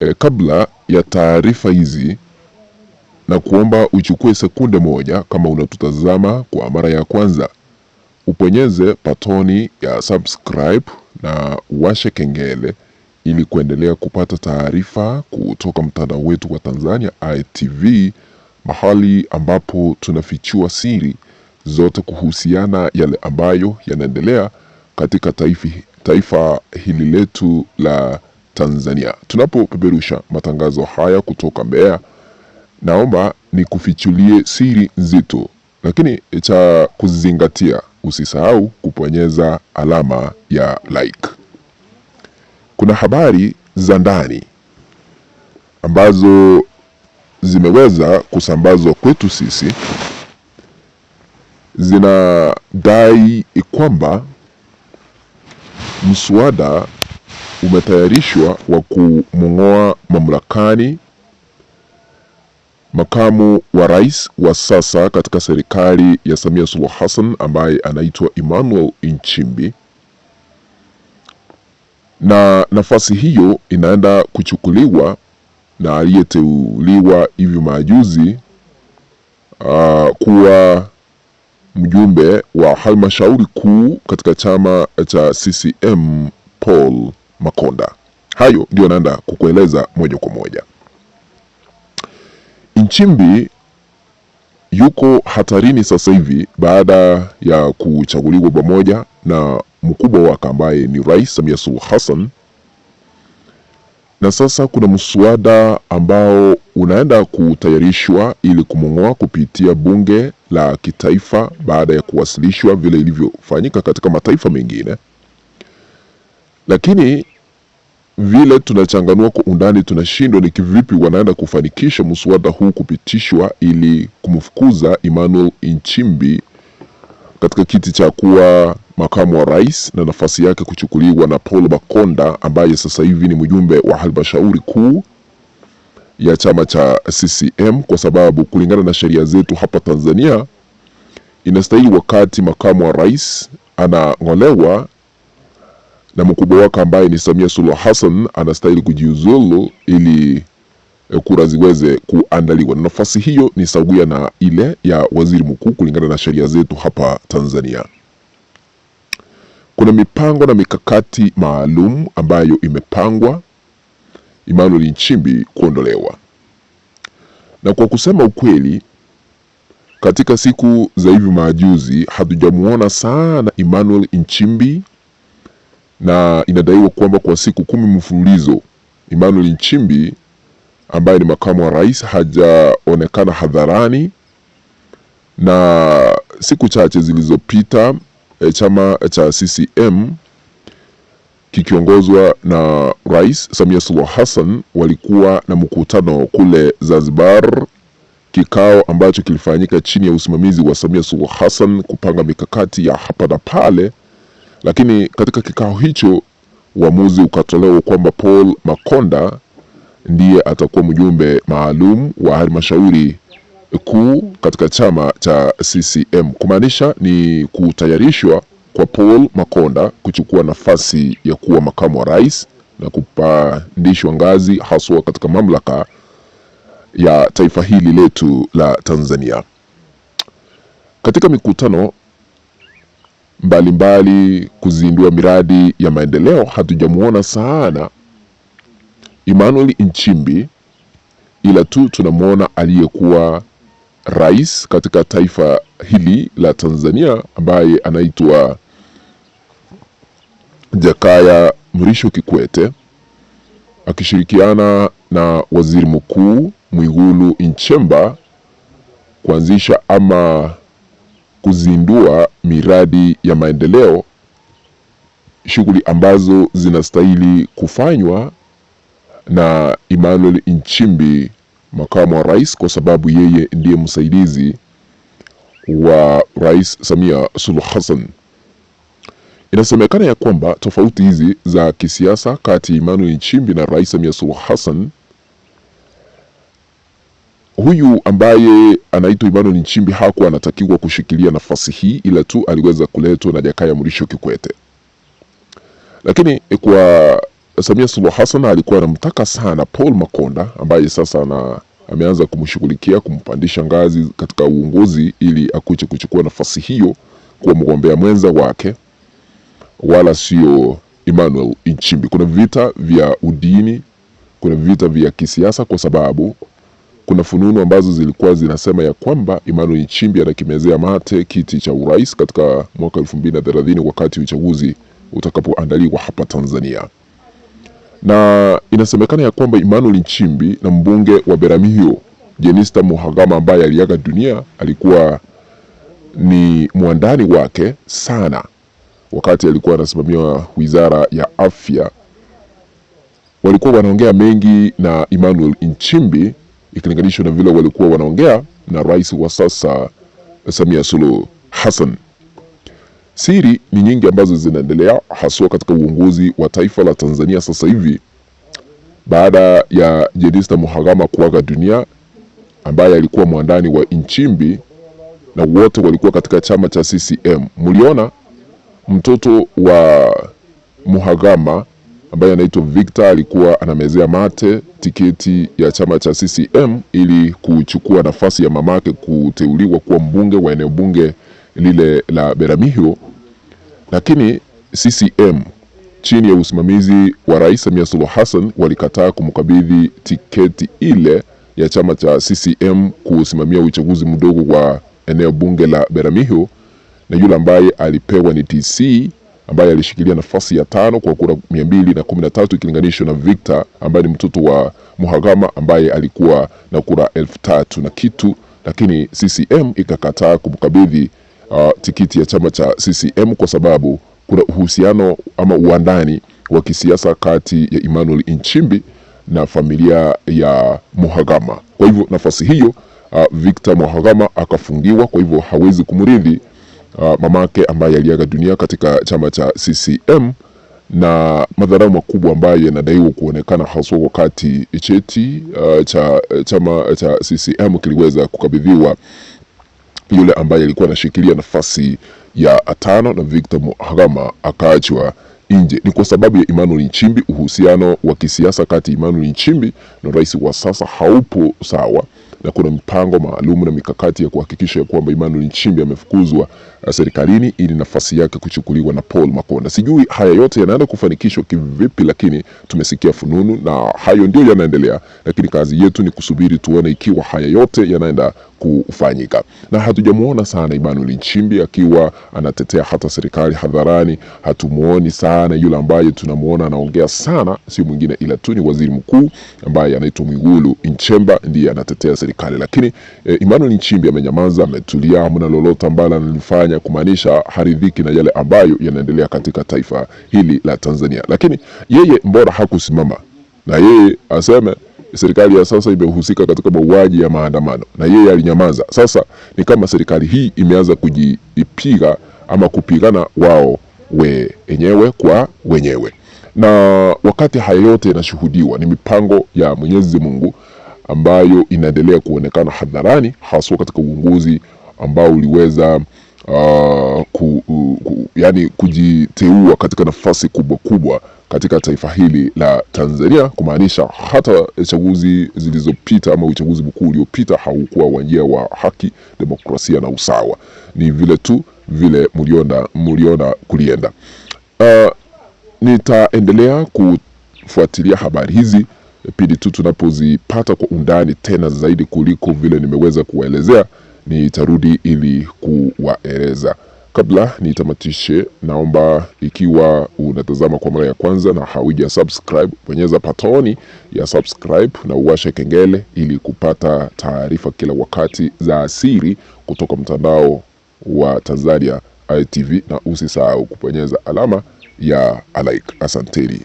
E, kabla ya taarifa hizi na kuomba uchukue sekunde moja, kama unatutazama kwa mara ya kwanza, uponyeze patoni ya subscribe na uwashe kengele ili kuendelea kupata taarifa kutoka mtandao wetu wa Tanzania ITV, mahali ambapo tunafichua siri zote kuhusiana yale ambayo yanaendelea katika taifa, taifa hili letu la Tanzania. Tunapopeperusha matangazo haya kutoka Mbeya, naomba nikufichulie siri nzito, lakini cha kuzingatia, usisahau kuponyeza alama ya like. Kuna habari za ndani ambazo zimeweza kusambazwa kwetu sisi, zinadai kwamba mswada umetayarishwa wa kumng'oa mamlakani makamu wa rais wa sasa katika serikali ya Samia Suluhu Hassan ambaye anaitwa Emmanuel Nchimbi, na nafasi hiyo inaenda kuchukuliwa na aliyeteuliwa hivi majuzi uh, kuwa mjumbe wa halmashauri kuu katika chama cha CCM Paul Makonda. Hayo ndio anaenda kukueleza moja kwa moja. Nchimbi yuko hatarini sasa hivi baada ya kuchaguliwa pamoja na mkubwa wake ambaye ni Rais Samia Suluhu Hassan, na sasa kuna mswada ambao unaenda kutayarishwa ili kumng'oa kupitia bunge la kitaifa baada ya kuwasilishwa vile ilivyofanyika katika mataifa mengine lakini vile tunachanganua kwa undani tunashindwa ni kivipi wanaenda kufanikisha mswada huu kupitishwa ili kumfukuza Emmanuel Nchimbi katika kiti cha kuwa makamu wa rais na nafasi yake kuchukuliwa na Paul Bakonda ambaye sasa hivi ni mjumbe wa halmashauri kuu ya chama cha CCM, kwa sababu kulingana na sheria zetu hapa Tanzania inastahili wakati makamu wa rais anang'olewa na mkubwa wake ambaye ni Samia Suluhu Hassan anastahili kujiuzulu ili eh, kura ziweze kuandaliwa, na nafasi hiyo ni sawia na ile ya waziri mkuu kulingana na sheria zetu hapa Tanzania. Kuna mipango na mikakati maalum ambayo imepangwa Emmanuel Nchimbi kuondolewa, na kwa kusema ukweli, katika siku za hivi majuzi hatujamuona sana Emmanuel Nchimbi na inadaiwa kwamba kwa siku kumi mfululizo Emmanuel Nchimbi ambaye ni makamu wa rais hajaonekana hadharani, na siku chache zilizopita eh, chama eh, cha CCM kikiongozwa na Rais Samia Suluhu Hassan walikuwa na mkutano kule Zanzibar, kikao ambacho kilifanyika chini ya usimamizi wa Samia Suluhu Hassan kupanga mikakati ya hapa na pale lakini katika kikao hicho uamuzi ukatolewa kwamba Paul Makonda ndiye atakuwa mjumbe maalum wa halmashauri kuu katika chama cha CCM, kumaanisha ni kutayarishwa kwa Paul Makonda kuchukua nafasi ya kuwa makamu wa rais na kupandishwa ngazi haswa katika mamlaka ya taifa hili letu la Tanzania. Katika mikutano mbalimbali kuzindua miradi ya maendeleo, hatujamuona sana Emmanuel Nchimbi, ila tu tunamwona aliyekuwa rais katika taifa hili la Tanzania ambaye anaitwa Jakaya Mrisho Kikwete akishirikiana na waziri mkuu Mwigulu Nchemba kuanzisha ama kuzindua miradi ya maendeleo, shughuli ambazo zinastahili kufanywa na Emmanuel Nchimbi, makamu wa rais, kwa sababu yeye ndiye msaidizi wa Rais Samia Suluhu Hassan. Inasemekana ya kwamba tofauti hizi za kisiasa kati ya Emmanuel Nchimbi na Rais Samia Suluhu Hassan huyu ambaye anaitwa Emmanuel Nchimbi haku anatakiwa kushikilia nafasi hii, ila tu aliweza kuletwa na Jakaya Mrisho Kikwete. Lakini eh, kwa Samia Suluhu Hassan alikuwa anamtaka sana Paul Makonda ambaye sasa ana ameanza kumshughulikia kumpandisha ngazi katika uongozi ili akuche kuchukua nafasi hiyo kuwa mgombea mwenza wake, wala sio Emmanuel Nchimbi. Kuna vita vya udini, kuna vita vya kisiasa kwa sababu kuna fununu ambazo zilikuwa zinasema ya kwamba Emmanuel Nchimbi anakimezea mate kiti cha urais katika mwaka 2030 wakati uchaguzi utakapoandaliwa hapa Tanzania, na inasemekana ya kwamba Emmanuel Nchimbi na mbunge wa Beramiho Jenista Muhagama ambaye aliaga dunia alikuwa ni mwandani wake sana wakati alikuwa anasimamia wizara ya afya. Walikuwa wanaongea mengi na Emmanuel Nchimbi ikilinganishwa na vile walikuwa wanaongea na rais wa sasa Samia Suluhu Hassan. Siri ni nyingi ambazo zinaendelea haswa katika uongozi wa taifa la Tanzania sasa hivi baada ya Jenista Mhagama kuaga dunia, ambaye alikuwa mwandani wa Nchimbi na wote walikuwa katika chama cha CCM. Mliona mtoto wa Mhagama ambaye anaitwa Victor alikuwa anamezea mate tiketi ya chama cha CCM ili kuchukua nafasi ya mamake kuteuliwa kuwa mbunge wa eneo bunge lile la Beramihio, lakini CCM chini ya usimamizi wa Rais Samia Suluhu Hassan walikataa kumkabidhi tiketi ile ya chama cha CCM kusimamia uchaguzi mdogo wa eneo bunge la Beramihio, na yule ambaye alipewa ni TC ambaye alishikilia nafasi ya tano kwa kura 213 ikilinganishwa na Victor ambaye ni mtoto wa Muhagama ambaye alikuwa na kura elfu tatu na kitu, lakini CCM ikakataa kumkabidhi uh, tikiti ya chama cha CCM kwa sababu kuna uhusiano ama uandani wa kisiasa kati ya Emmanuel Nchimbi na familia ya Muhagama. Kwa hivyo nafasi hiyo uh, Victor Muhagama akafungiwa, kwa hivyo hawezi kumridhi uh, mamake ambaye aliaga dunia katika chama cha CCM na madharau makubwa ambayo yanadaiwa kuonekana haswa wakati cheti uh, cha chama cha CCM kiliweza kukabidhiwa yule ambaye alikuwa anashikilia nafasi ya tano na Victor Muhagama akaachwa nje. Ni kwa sababu ya Emmanuel Nchimbi. Uhusiano wa kisiasa kati ya Emmanuel Nchimbi na rais wa sasa haupo sawa, na kuna mipango maalum na mikakati ya kuhakikisha kwamba Emmanuel Nchimbi amefukuzwa Uh, serikalini ili nafasi yake kuchukuliwa na Paul Makonda. Sijui haya yote yanaenda kufanikishwa kivipi, lakini tumesikia fununu na hayo ndio yanaendelea, lakini kazi yetu ni kusubiri tuone ikiwa haya yote yanaenda kufanyika na hatujamuona sana Emmanuel Nchimbi akiwa anatetea hata serikali hadharani. Hatumuoni sana yule ambaye tunamuona anaongea sana, sio mwingine ila tu ni waziri mkuu ambaye anaitwa Mwigulu Nchemba, ndiye anatetea serikali. Lakini eh, Emmanuel Nchimbi amenyamaza, ametulia, hamna lolote ambalo analifanya kufanya kumaanisha haridhiki na yale ambayo yanaendelea katika taifa hili la Tanzania. Lakini yeye mbora hakusimama na yeye aseme serikali ya sasa imehusika katika mauaji ya maandamano, na yeye alinyamaza. Sasa ni kama serikali hii imeanza kujipiga ama kupigana wao wenyewe kwa wenyewe, na wakati haya yote yanashuhudiwa, ni mipango ya Mwenyezi Mungu ambayo inaendelea kuonekana hadharani, haswa katika uongozi ambao uliweza uh, ku, ku, yani kujiteua katika nafasi kubwa kubwa katika taifa hili la Tanzania, kumaanisha hata chaguzi zilizopita ama uchaguzi mkuu uliopita haukuwa wa njia wa haki, demokrasia na usawa. Ni vile tu vile muliona, muliona kulienda. Uh, nitaendelea kufuatilia habari hizi pindi tu tunapozipata kwa undani tena zaidi kuliko vile nimeweza kuwaelezea nitarudi ili kuwaeleza. Kabla nitamatishe, naomba ikiwa unatazama kwa mara ya kwanza na hauja subscribe, bonyeza patoni ya subscribe na uwashe kengele ili kupata taarifa kila wakati za asiri kutoka mtandao wa Tanzania ITV, na usisahau kubonyeza alama ya like. Asanteni.